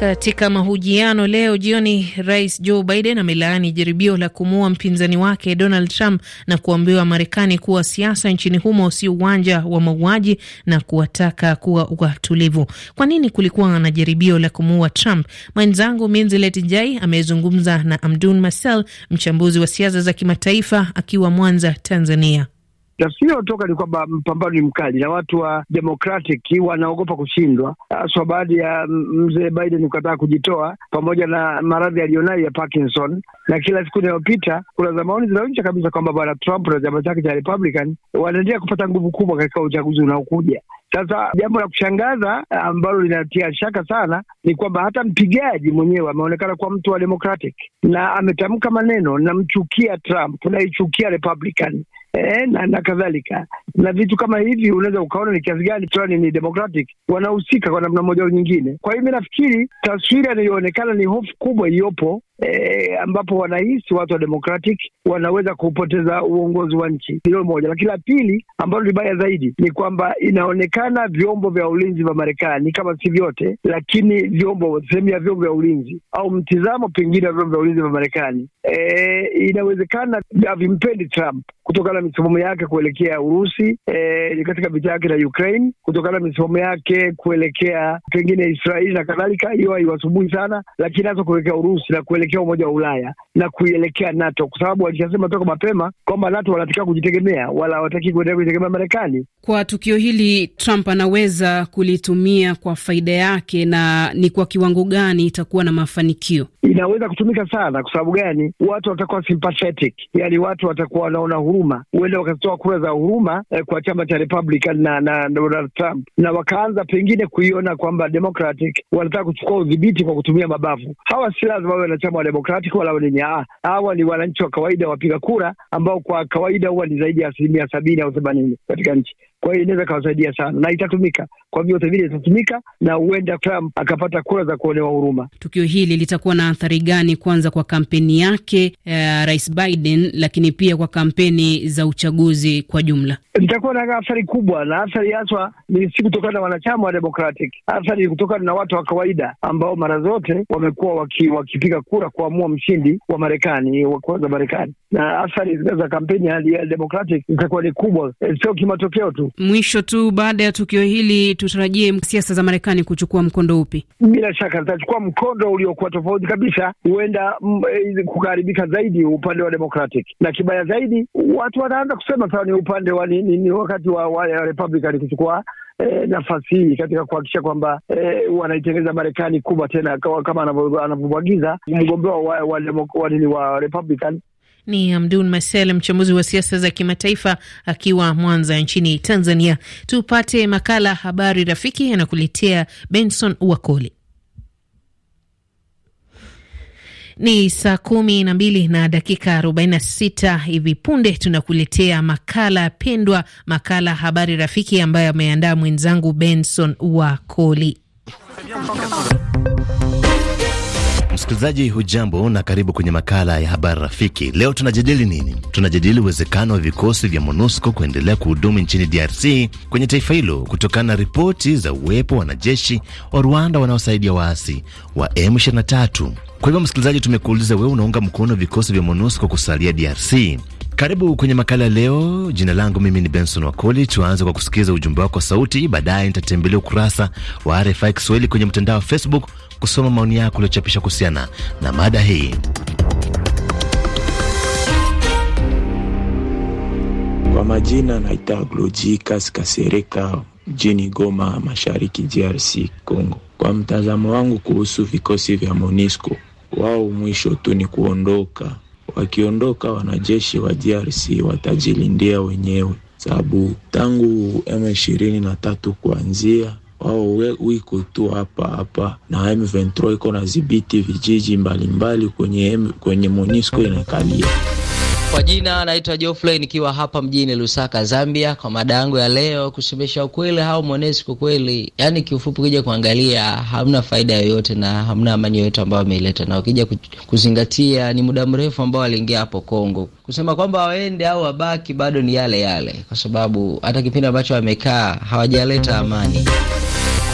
Katika mahojiano leo jioni, rais Joe Biden amelaani jaribio la kumuua mpinzani wake Donald Trump na kuambiwa Marekani kuwa siasa nchini humo si uwanja wa mauaji na kuwataka kuwa watulivu. Kwa nini kulikuwa na jaribio la kumuua Trump? Mwenzangu Minzilet Jai amezungumza na Amdun Marcel, mchambuzi wa siasa za kimataifa, akiwa Mwanza, Tanzania. Tafsiri iliyotoka ni kwamba mpambano ni mkali na watu wa Democratic wanaogopa kushindwa, haswa ah, baada ya mzee Biden kukataa kujitoa pamoja na maradhi aliyonayo ya Parkinson. Na kila siku inayopita kura za maoni zinaonyesha kabisa kwamba bwana Trump na chama chake cha Republican wanaendelea kupata nguvu kubwa katika uchaguzi unaokuja. Sasa jambo la kushangaza ah, ambalo linatia shaka sana ni kwamba hata mpigaji mwenyewe ameonekana kuwa mtu wa Democratic na ametamka maneno, namchukia Trump, naichukia Republican e, na, na kadhalika na vitu kama hivi, unaweza ukaona ni kiasi gani fulani ni democratic wanahusika kwa namna moja au nyingine. Kwa hiyo mi nafikiri taswira inayoonekana ni hofu kubwa iliyopo eh, ambapo wanahisi watu wa Democratic wanaweza kupoteza uongozi wa nchi. Hilo moja, lakini la pili ambalo ni baya zaidi ni kwamba inaonekana vyombo vya ulinzi vya Marekani, kama si vyote, lakini vyombo sehemu ya vyombo vya ulinzi au mtizamo pengine wa vyombo vya ulinzi vya Marekani eh, inawezekana havimpendi Trump kutokana na misimamo yake kuelekea Urusi eh, katika vita yake na Ukraine, kutokana na misimamo yake kuelekea pengine Israeli na kadhalika. Hiyo haiwasubuhi sana, lakini hasa kuelekea Urusi na kuelekea kuelekea umoja wa Ulaya na kuielekea NATO, kwa sababu walishasema toka mapema kwamba NATO wanatakiwa kujitegemea, wala hawataki kuendelea kujitegemea Marekani. Kwa tukio hili, Trump anaweza kulitumia kwa faida yake, na ni kwa kiwango gani itakuwa na mafanikio? Inaweza kutumika sana. Kwa sababu gani? Watu watakuwa sympathetic, yani watu watakuwa wanaona huruma, huenda wakatoa kura za huruma eh, kwa chama cha Republican na na Donald Trump, na wakaanza pengine kuiona kwamba Democratic wanataka kuchukua udhibiti kwa kutumia mabavu. Hawa si lazima wawe wanachama wa Democratic wala wenye ah, hawa ni wananchi wa kawaida wapiga kura ambao kwa kawaida huwa ni zaidi ya asilimia sabini au themanini katika nchi. Kwa hiyo inaweza ikawasaidia sana na itatumika kwa vyote vile, itatumika na huenda Trump akapata kura za kuonewa huruma. Tukio hili litakuwa na athari gani, kwanza kwa kampeni yake uh, Rais Biden, lakini pia kwa kampeni za uchaguzi kwa jumla? Litakuwa na athari kubwa, na athari haswa ni si kutokana na wanachama wa Democratic, athari ni kutokana na watu wa kawaida ambao mara zote wamekuwa waki, wakipiga kura kuamua mshindi wa Marekani wa kwanza Marekani, na athari za kampeni ya Democratic zitakuwa ni kubwa, eh, sio kimatokeo tu Mwisho tu, baada ya tukio hili, tutarajie siasa za Marekani kuchukua mkondo upi? Bila shaka zitachukua mkondo uliokuwa tofauti kabisa, huenda mm, eh, kukaharibika zaidi upande wa Democratic, na kibaya zaidi watu wanaanza kusema sawa, ni upande wa ni, ni, ni wakati wa, wa Republican kuchukua E, nafasi hii katika kuhakikisha kwamba e, wanaitengeneza Marekani kubwa tena kama anavyomwagiza mgombea wa wa, wa, wa, wa Republican ni Amdun Masel, mchambuzi wa siasa za kimataifa akiwa Mwanza nchini Tanzania. Tupate makala Habari Rafiki, anakuletea Benson Wakoli. Ni saa kumi na mbili na dakika sita Hivi punde tunakuletea makala pendwa, makala Habari Rafiki ambayo ameandaa mwenzangu Benson Wakoli. Msikilizaji hujambo na karibu kwenye makala ya habari rafiki. Leo tunajadili nini? Tunajadili uwezekano wa vikosi vya MONUSCO kuendelea kuhudumu nchini DRC kwenye taifa hilo kutokana na ripoti za uwepo wa wanajeshi wa Rwanda wanaosaidia waasi wa M23. Kwa hivyo, msikilizaji, tumekuuliza wewe unaunga mkono vikosi vya MONUSCO kusalia DRC? Karibu kwenye makala leo. Jina langu mimi ni Benson Wakoli. Tuanze kwa kusikiliza ujumbe wako sauti, baadaye nitatembelea ukurasa wa RFI Kiswahili kwenye mtandao wa Facebook kusoma maoni yako uliochapisha kuhusiana na mada hii. Kwa majina naita Glojikas Kasereka, mjini Goma, mashariki DRC Congo. Kwa mtazamo wangu kuhusu vikosi vya monisco wao mwisho tu ni kuondoka. Wakiondoka wanajeshi wa DRC watajilindia wenyewe, sababu tangu M23 kuanzia wao oh, wiko tu hapa hapa, na M23 iko na dhibiti vijiji mbalimbali mbali kwenye, kwenye Monisco inakalia. Kwa jina naitwa Geoffrey nikiwa hapa mjini Lusaka, Zambia, kwa mada yangu ya leo, kusemesha ukweli au mwonesi kwa kweli. yani kiufupi, ukija kuangalia hamna faida yoyote na hamna amani yoyote ambayo ameileta, na ukija kuzingatia ni muda mrefu ambao aliingia hapo Kongo, kusema kwamba waende au wabaki bado ni yale yale, kwa sababu hata kipindi ambacho wamekaa hawajaleta amani.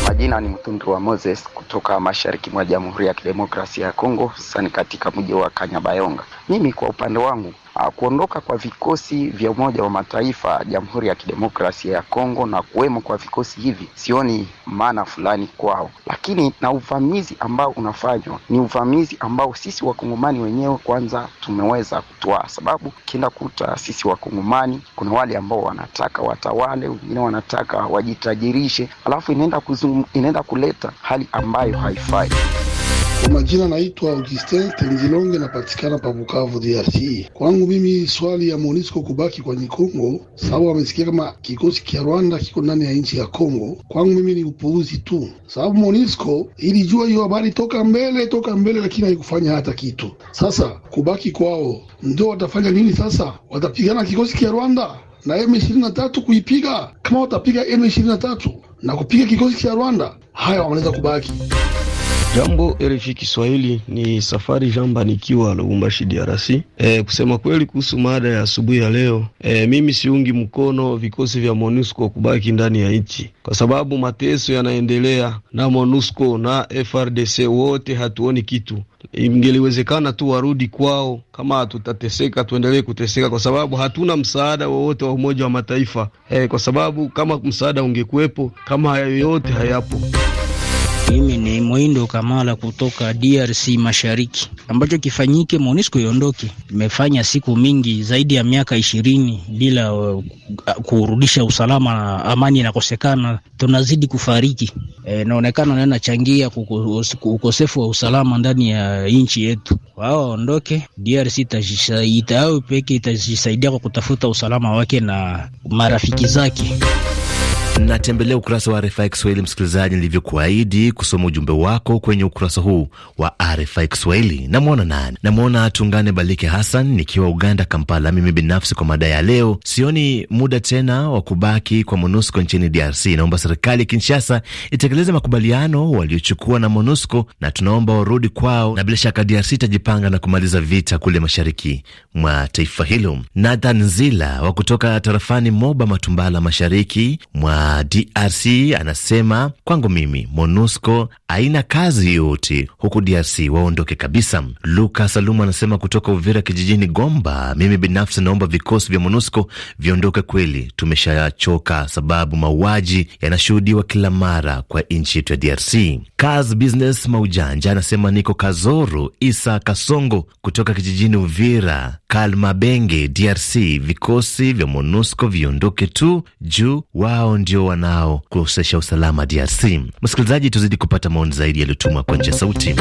Majina ni Mtundu wa Moses kutoka mashariki mwa Jamhuri ya Kidemokrasia ya Kongo, sani katika mji wa Kanyabayonga. Mimi kwa upande wangu Uh, kuondoka kwa vikosi vya Umoja wa Mataifa Jamhuri ya Kidemokrasia ya Kongo na kuwemo kwa vikosi hivi, sioni maana fulani kwao, lakini na uvamizi ambao unafanywa ni uvamizi ambao sisi wakongomani wenyewe kwanza tumeweza kutwaa, sababu kienda kuta sisi wakongomani kuna wale ambao wanataka watawale, wengine wanataka wajitajirishe, alafu inaenda inaenda kuleta hali ambayo haifai. Kwa majina naitwa Augustin Tenzilonge, napatikana pa Bukavu, DRC. Kwangu mimi swali ya MONUSCO kubaki kwenye Kongo, sababu wamesikia kama kikosi kia Rwanda kiko ndani ya nchi ya Kongo, kwangu mimi ni upuuzi tu, sababu MONUSCO ilijua hiyo habari toka mbele toka mbele, lakini haikufanya hata kitu. Sasa kubaki kwao ndio watafanya nini? Sasa watapigana kikosi kia Rwanda na M23 kuipiga, kama watapiga M23 na kupiga kikosi cha Rwanda, haya wanaweza kubaki. Jambo RFI Kiswahili ni safari jamba nikiwa Lubumbashi DRC. E, eh, kusema kweli kuhusu mada ya asubuhi ya leo e, mimi siungi mkono vikosi vya MONUSCO kubaki ndani ya nchi kwa sababu mateso yanaendelea na MONUSCO na FRDC wote hatuoni kitu. Ingeliwezekana tu warudi kwao, kama hatutateseka tuendelee kuteseka, kwa sababu hatuna msaada wowote wa Umoja wa Mataifa e, kwa sababu kama msaada ungekuwepo, kama hayo yote hayapo. Mimi ni Mwindo Kamala kutoka DRC Mashariki. Ambacho kifanyike, MONUSCO iondoke. Imefanya siku mingi zaidi ya miaka ishirini bila uh, kurudisha usalama na amani inakosekana, tunazidi kufariki. Eh, inaonekana e, nanachangia ukosefu wa usalama ndani ya nchi yetu. Wao waondoke, DRC itajisaidia peke itajisaidia kwa kutafuta usalama wake na marafiki zake. Natembelea ukurasa wa RFI Kiswahili, msikilizaji, nilivyokuahidi kusoma ujumbe wako kwenye ukurasa huu wa RFI Kiswahili. Namwona nani? Namwona Tungane Balike Hassan nikiwa Uganda, Kampala. Mimi binafsi kwa mada ya leo, sioni muda tena wa kubaki kwa MONUSCO nchini DRC. Naomba serikali ya Kinshasa itekeleze makubaliano waliochukua na MONUSCO na tunaomba warudi kwao, na bila shaka DRC itajipanga na kumaliza vita kule mashariki mwa taifa hilo. Nathan Zila wa kutoka tarafani Moba Matumbala, mashariki mwa DRC anasema kwangu mimi MONUSCO haina kazi yote huku DRC waondoke kabisa. Luka Salumu anasema kutoka Uvira kijijini Gomba, mimi binafsi naomba vikosi vya MONUSCO viondoke kweli, tumeshachoka sababu mauaji yanashuhudiwa kila mara kwa nchi yetu ya DRC. Kaz Business Maujanja anasema niko Kazoro. Isa Kasongo kutoka kijijini Uvira kalmabenge DRC, vikosi vya MONUSCO viondoke tu juu wao ndio wanaokosesha usalama DRC. Msikilizaji, tuzidi kupata maoni zaidi yaliyotumwa kwa njia sauti.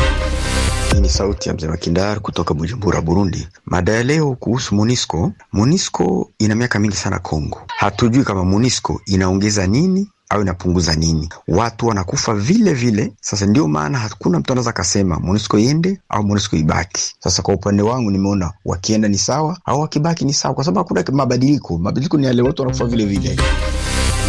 Hii ni sauti ya mzee Makindar kutoka Bujumbura, Burundi. Mada ya leo kuhusu monisco MONISCO ina miaka mingi sana Kongo, hatujui kama MONISCO inaongeza nini au inapunguza nini? Watu wanakufa vile vile. Sasa ndio maana hakuna mtu anaweza akasema MONUSCO iende au MONUSCO ibaki. Sasa kwa upande wangu nimeona wakienda ni sawa au wakibaki ni sawa, kwa sababu hakuna mabadiliko. Mabadiliko ni yale watu wanakufa vile vile.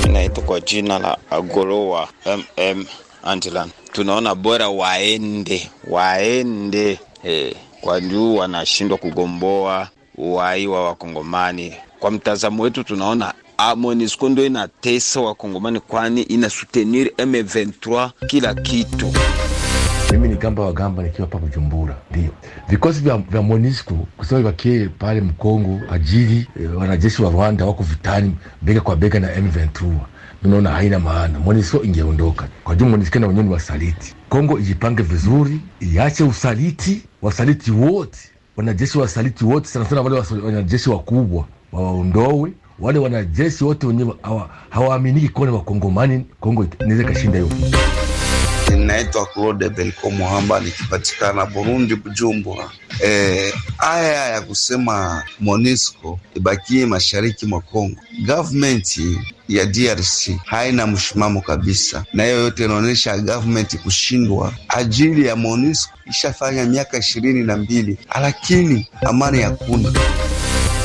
Inaitwa kwa jina la agoroa mm Antilan. Tunaona bora waende waende, hey, eh, kwa juu wanashindwa kugomboa uhai wa Wakongomani. Kwa mtazamo wetu tunaona a MONUSCO ndo inatesa wakongomani, kwani ina soutenir M23 kila kitu. Mimi ni Gamba wa Gamba nikiwa hapa Bujumbura. Ndio vikosi vya, vya MONUSCO kusema vakie pale Mkongo ajili e, wanajeshi wa Rwanda wako vitani bega kwa bega na M23. Naona haina maana, MONUSCO ingeondoka kwa juu. MONUSCO na wenyewe ni wasaliti. Kongo ijipange vizuri, iache usaliti, wasaliti wote, wanajeshi wasaliti wote, sana sana wale wanajeshi wakubwa wawaondowe wale wanajeshi wote wenyewe hawaaminiki kuwa ni Wakongomani. Kongo inaweza ikashinda hiyo. Ninaitwa Claude Belco Muhamba, nikipatikana Burundi, Bujumbura. E, eh, aya ya kusema Monisco ibakie mashariki mwa congo government ya DRC haina msimamo kabisa, na hiyo yote inaonyesha government kushindwa. Ajili ya Monisco ishafanya miaka ishirini na mbili, lakini amani hakuna.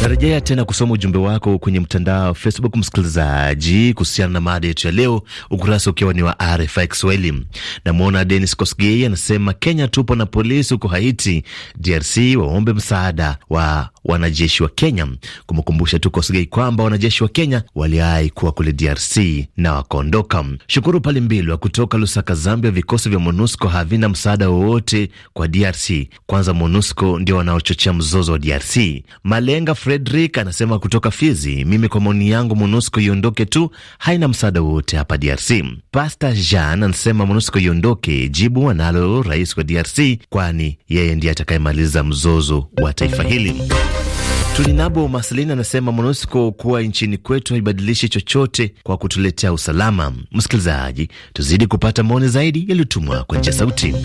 Narejea tena kusoma ujumbe wako kwenye mtandao wa Facebook, msikilizaji, kuhusiana na mada yetu ya leo, ukurasa ukiwa ni wa RFI Kiswahili. Namwona Denis Kosgei anasema, Kenya tupo na polisi huko Haiti, DRC waombe msaada wa wanajeshi wa Kenya, kumkumbusha tu Kosgei kwamba wanajeshi wa Kenya waliai kuwa kule DRC na wakaondoka. Shukuru Palimbilwa kutoka Lusaka, Zambia, vikosi vya MONUSCO havina msaada wowote kwa DRC. Kwanza MONUSCO ndio wanaochochea mzozo wa DRC. Malenga Fredrik anasema kutoka Fizi, mimi kwa maoni yangu MONUSCO iondoke tu, haina msaada wowote hapa DRC. pasta Jean anasema MONUSCO iondoke, jibu analo rais wa DRC, kwani yeye ndiye atakayemaliza mzozo wa taifa hili. Tulinabo Maslin anasema MONUSCO kuwa nchini kwetu haibadilishi chochote kwa kutuletea usalama. Msikilizaji, tuzidi kupata maoni zaidi yaliyotumwa kwa njia sauti.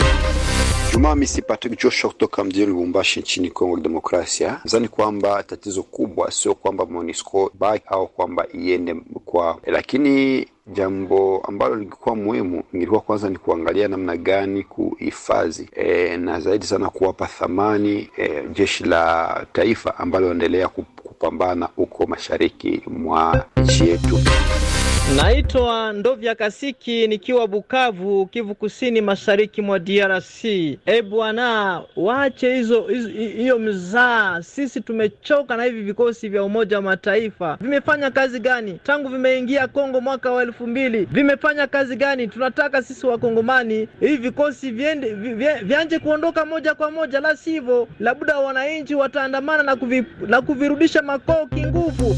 Ijumaa, misi si Patrick Joshua kutoka mjini Lubumbashi nchini Kongo Demokrasia. Nadhani kwamba tatizo kubwa sio kwamba MONUSCO baki au kwamba iende kwao, lakini jambo ambalo lingekuwa muhimu nilikuwa kwanza ni kuangalia namna gani kuhifadhi e, na zaidi sana kuwapa thamani e, jeshi la taifa ambalo endelea kupambana huko mashariki mwa nchi yetu. Naitwa Ndovya Kasiki nikiwa Bukavu, Kivu Kusini, mashariki mwa DRC. E eh, bwana, waache hizo hiyo mzaa. Sisi tumechoka na hivi vikosi vya Umoja wa Mataifa. Vimefanya kazi gani tangu vimeingia Kongo mwaka wa elfu mbili? Vimefanya kazi gani? Tunataka sisi Wakongomani hivi vikosi viende vianje kuondoka moja kwa moja, la sivyo, labda wananchi wataandamana na, kuvi, na kuvirudisha makoki nguvu.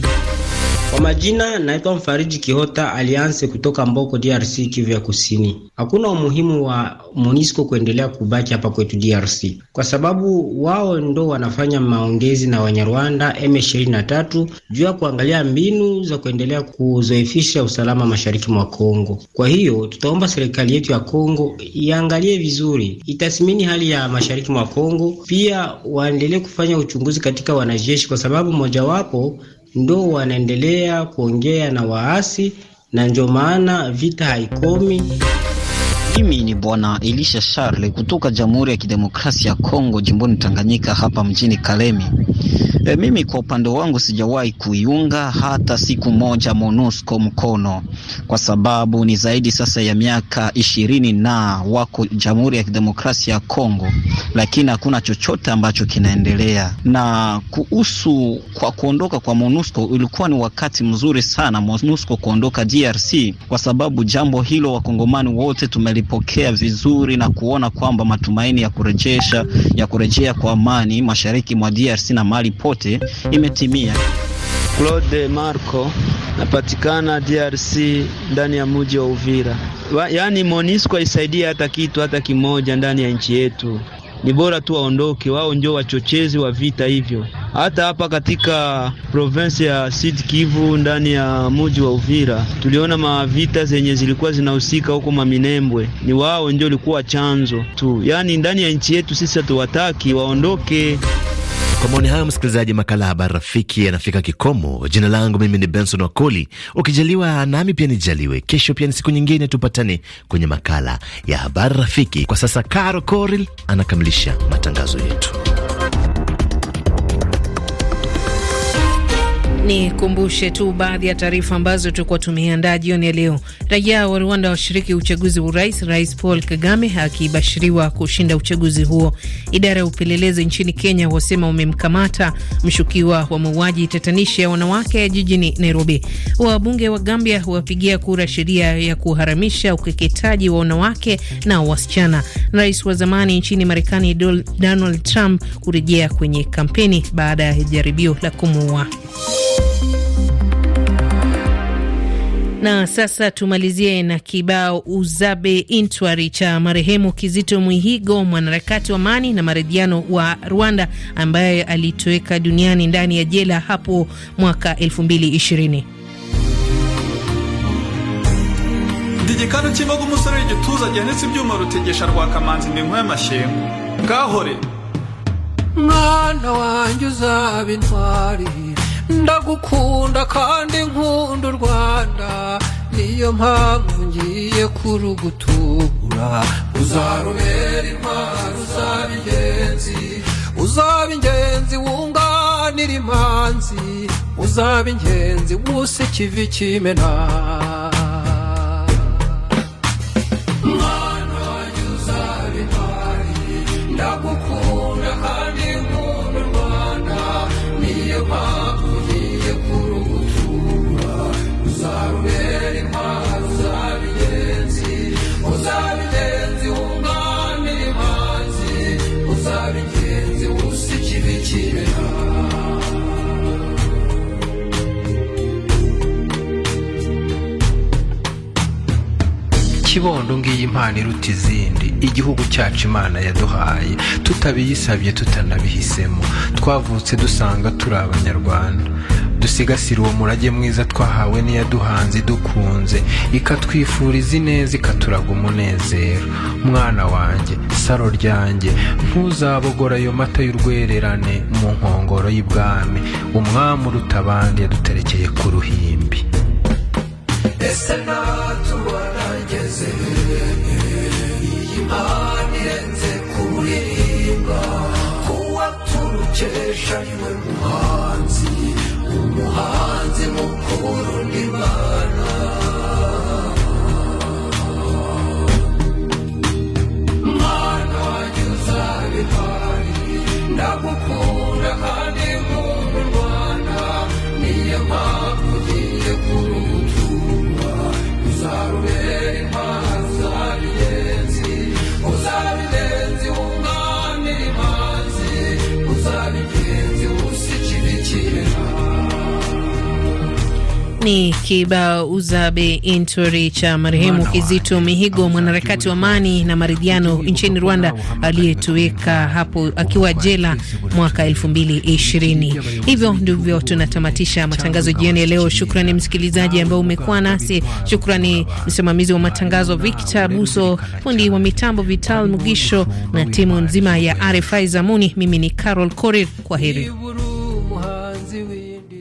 Kwa majina naitwa Mfariji Kihota Alianse kutoka Mboko, DRC, Kivu ya Kusini. Hakuna umuhimu wa MONUSCO kuendelea kubaki hapa kwetu DRC kwa sababu wao ndo wanafanya maongezi na Wanyarwanda M23 juu ya kuangalia mbinu za kuendelea kuzoefisha usalama mashariki mwa Kongo. Kwa hiyo tutaomba serikali yetu ya Kongo iangalie vizuri, itathmini hali ya mashariki mwa Kongo, pia waendelee kufanya uchunguzi katika wanajeshi, kwa sababu mojawapo ndo wanaendelea kuongea na waasi na ndio maana vita haikomi. Mimi ni Bwana Elisha Charles kutoka Jamhuri ya Kidemokrasia ya Kongo, jimboni Tanganyika, hapa mjini Kalemi. E, mimi kwa upande wangu sijawahi kuiunga hata siku moja MONUSCO mkono, kwa sababu ni zaidi sasa ya miaka ishirini na wako Jamhuri ya Kidemokrasia ya Kongo, lakini hakuna chochote ambacho kinaendelea. Na kuhusu kwa kuondoka kwa MONUSCO, ulikuwa ni wakati mzuri sana MONUSCO kuondoka DRC, kwa sababu jambo hilo wakongomani wote tumeli kuipokea vizuri na kuona kwamba matumaini ya kurejesha ya kurejea kwa amani mashariki mwa DRC na mali pote imetimia. Claude Marco napatikana DRC ndani ya mji wa Uvira. Yaani Monisco isaidia hata kitu hata kimoja ndani ya nchi yetu, ni bora tu waondoke, wao ndio wachochezi wa vita hivyo. Hata hapa katika provensi ya Sud Kivu ndani ya muji wa Uvira tuliona mavita zenye zilikuwa zinahusika huko Maminembwe, ni wao ndio walikuwa chanzo tu. Yaani ndani ya nchi yetu sisi hatuwataki waondoke. Kwa maoni hayo, msikilizaji, makala ya habari rafiki yanafika kikomo. Jina langu mimi ni Benson Wakoli. Ukijaliwa nami pia nijaliwe, kesho pia ni siku nyingine, tupatane kwenye makala ya habari rafiki. Kwa sasa, Caro Coril anakamilisha matangazo yetu. Ni kumbushe tu baadhi ya taarifa ambazo tulikuwa tumeandaa jioni ya leo. Raia wa Rwanda washiriki uchaguzi wa urais, Rais Paul Kagame akibashiriwa kushinda uchaguzi huo. Idara ya upelelezi nchini Kenya wasema wamemkamata mshukiwa wa mauaji tatanishi ya wanawake jijini Nairobi. Wabunge wa Gambia wapigia kura sheria ya kuharamisha ukeketaji wa wanawake na wasichana. Rais wa zamani nchini Marekani Donald Trump kurejea kwenye kampeni baada ya jaribio la kumuua. Na sasa tumalizie na kibao uzabe intwari cha marehemu Kizito Mwihigo, mwanaharakati wa amani na maridhiano wa Rwanda ambaye alitoweka duniani ndani ya jela hapo mwaka 2020. Igikanu cy'imaga umusore w'igituza gihanitse ibyuma rutegesha kamanzi ni nkwe y'amashengo ngahore mwana wanjye uzabe intwari ndagukunda kandi nkunda u rwanda niyo mpamvu ngiye kurugutubura uzarubera intwaro uzaba ingenzi uzaba ingenzi wunganira imanzi uzaba ingenzi wuse ikivi kimena gakondo ngiyi impano iruta izindi igihugu cyacu imana yaduhaye tutabiyisabye tutanabihisemo twavutse dusanga turi abanyarwanda dusigasire uwo murage mwiza twahawe n'iyaduhanze dukunze ikatwifuriza ineza ikaturaga umunezero mwana wanjye saro ryanjye ntuzabogora ayo mata y'urwererane mu nkongoro y'ibwami umwami uruta abandi yaduterekeye ku ruhimbi ese natubona ageze kuririmba nirenze kuririmba kuwa turukesha niwe muhanzi umuhanzi mukuru n'imana mana jye uzabihari ndagukunda ni kibao uzabe inturi cha marehemu Kizito Mihigo, mwanaharakati wa amani na maridhiano nchini Rwanda, aliyetoweka hapo akiwa jela mwaka ishirini. Hivyo ndivyo tunatamatisha matangazo jioni ya leo. Shukrani msikilizaji ambao umekuwa nasi. Shukrani msimamizi wa matangazo Victor Buso, fundi wa mitambo Vital Mugisho na timu nzima ya RFI Zamuni. Mimi ni Carol Korir, kwa heri.